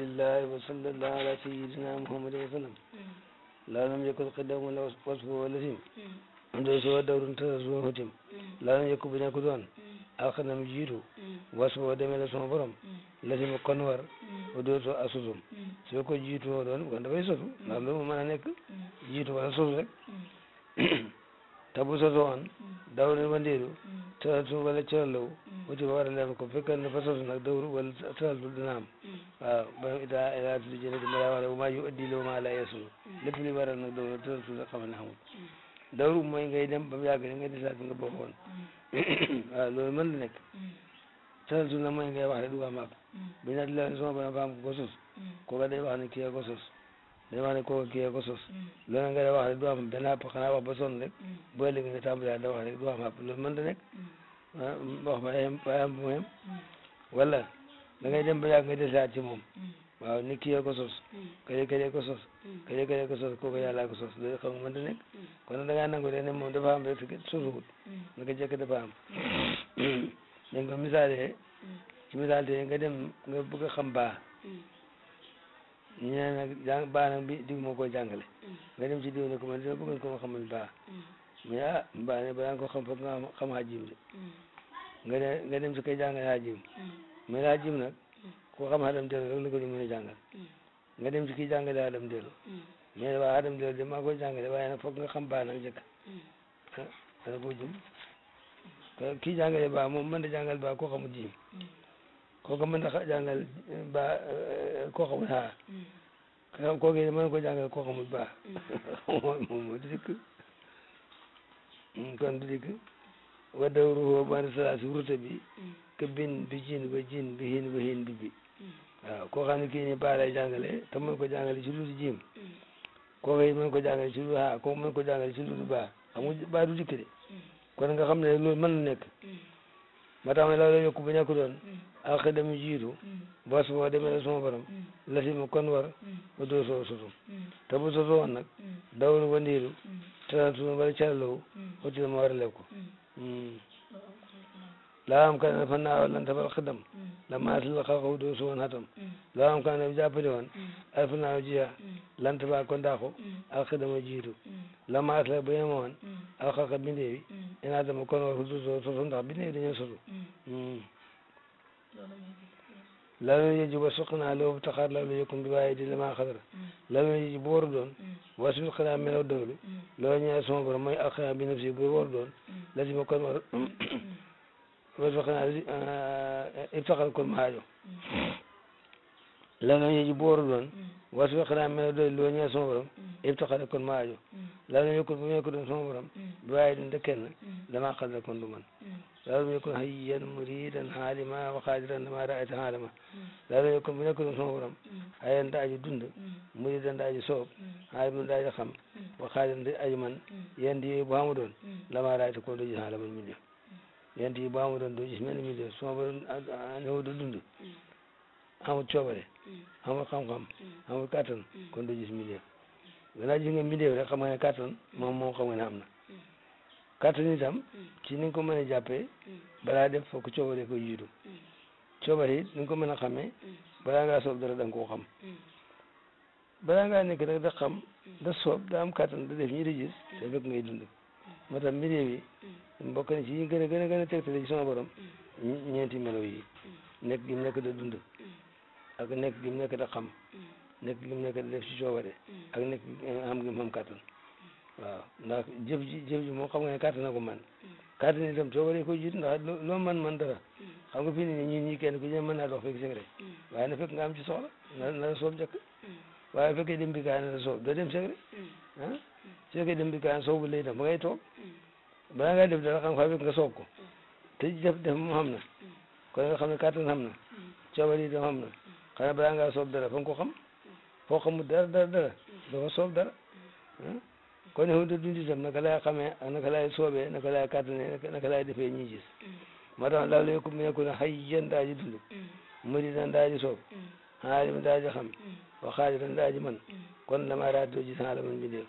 الله وصلى الله على سيدنا محمد وسلم لا لم يكن قدام ولا وصفه ولا ثم ليس هو دور تزوه تم لا لم يكن بنا كدوان آخر لم يجيرو وصفه ودم إلى سمع برم لازم قنور ودور سوى أسوزم سوى كو جيتو ودوان وكان دفع يسوزو نعم لهم ما نانيك جيتو ولا سوزو رك تبو سوزوان دور الونديرو تلاتو ولا تلالو wuti ba war a leen ko fekkee ne façon nag dawru wala sal du dina am waaw borom ita ila tuli jëne di mala wala maa yu addi loo maa la yeesu lépp li waral nag dawru tëral tuuti xam ne amul dawru mooy ngay dem ba mu yàgg ne nga desaat bi nga bokkoon waaw loolu mën na nekk tëral tuuti nag mooy nga day wax ne du am benn xanaa wax ba sonn rek boo léegi nga tàmbalee da wax rek du am loolu mën wax ma ayam ayam bu mayam wala da ngay dem ba yàgg nga desaat ci moom waaw ni kii ko sos kële kële ko sos kële kële ko sos kooku yàlla ko sos loolu xam nga mën da nekk kon da ngaa nangu de ne moom dafa am rek sosuwut naka ko misaalee ci misaal te nga dem nga bëgg a xam baa ñu ne nag jàng baa nag bi diw moo ko nga dem ci diw ne ko man dina ma ne ah mbaa ne ko xam foog nga xam hajim de mm. nga ne nga dem si koy jàngal hajim mm. mais hajim nag mm. ko xam hadam delo rek la ko ñu mën a jàngal nga dem hadam delo mais waa de maa koy jàngale waaye nag foog nga xam baa nag njëkk dana ko jum kii jàngale baa moom mën na jàngal baa koo xamul jiim kooku mën na jàngal eh, ko jàngal koo Mm, kon du dikk waddaw ruhoo bandi salaasi wurta bi ke bin bi jin ba jin bi hin ba hin bi bi waaw koo xam ne kii ni baa lay jàngale te mën ko jàngale ci luutu jiim koo koy ko jàngale ci luutu ko jàngale ci luutu baa xam nga baa du dikk de kon nga xam ne loolu mën na nekk ma tax ma la la yokku ba ñàkk doon alxidam jiitu bos boo demee la sama borom la si ma kon war ba doo soo sotum te bu sotoo woon nag dawul wandiiru talatuna bala callou mm. hottidama warale ko laam mm. mm. kane fanna wallan tabal xidam lama aslil xalqahu do suwan hatam laam kane jàppale woon alfana jiya lantaba ko ndaako al xidama jiitu lama asla ba yema woon al bindeewi ena dama kon war hudu so soto ndax bindeewi dañoo soto law yajiba suqnaa law btaxaar law lam yakun bi waaye di lama xadara mm. law yajib bu waru doon mm. wasbil xalaa melaw mm. dawlu loolu ñaar sama borom mooy ak xanaa bi nafsi bu waru doon lazima kon ma wasbil xanaa ibtaxar kon ma haajo law lam yajib bu waru doon wasbil xalaa melaw dawlu loolu ñaar sama borom ibtaxar kon ma haajo law lam yakun bu mu nekk doon sama borom bi waaye di kenn lama xadara kon du man لازم يكون هيا مريدا حالما وقادرا ما رأيت عالما لازم يكون mu nekk soxoram haya nda aji dund muridan nda aji soob xaalima nda aji xam waqaadiran nda aji man yéen yi bu amu doon lama ra'ayta ko doo gis xaalama mi def yéen yi bu amu doon doo gis mel mi def suma ba ñëw du dund amul coobare amul xam-xam amul kàttan kon doo gis mi def gannaaw gis nga mi def rek nga ne kàttan moom moom xam nga kàttan itam mm. ci ni nga ko mën a jàppee mm. balaa def fokk coobare ko jiitu mm. coobare it ni nga ko mën a xamee balaa ngaa soob dara da ko koo xam balaa ngaa nekk nag da xam da soob da am kàttan da def ñi di gis te fekk ngay yi moo tax mbir yi mbokk na ci yi gën a gën a gën a tegtale ci borom ñeenti melo yi nekk gi nekk da dund ak nekk gi nekk da xam nekk gi nekk da def ci coobare ak nekk am gi mu am waaw ndax jëf ji jëf ji moom xam nga ne kàttan na ko man kàttan ni itam coobare ko jiit ndax loo man man dara xam nga fii nii ñun ñii kenn ku ñu mën naa dox fekk seng rek waaye na fekk nga am ci soxla na na soob njëkk waaye fekkee dem bi kaa na soob doo dem seng rek ah su fekkee dem bi kaa soobu la itam ba ngay toog balaa ngaa def dara xam nga fekk nga soob ko te def def moom xam na kon nga xam ne kàttan xam na coobare itam xam na xanaa balaa ngaa soob dara fa nga ko xam foo xamul dara dara dara doo fa soob dara ah kon yow de dund itam naka laay xamee ak naka laay soobee naka laay kàttanee naka laay defee ñuy gis mm. moo tax laa lay ko xayyan daa ji dund mm. muridan daa soob mm. xaalim daa xam wa xaadiran daa ji man kon dama raatoo gis xaalaman bi dee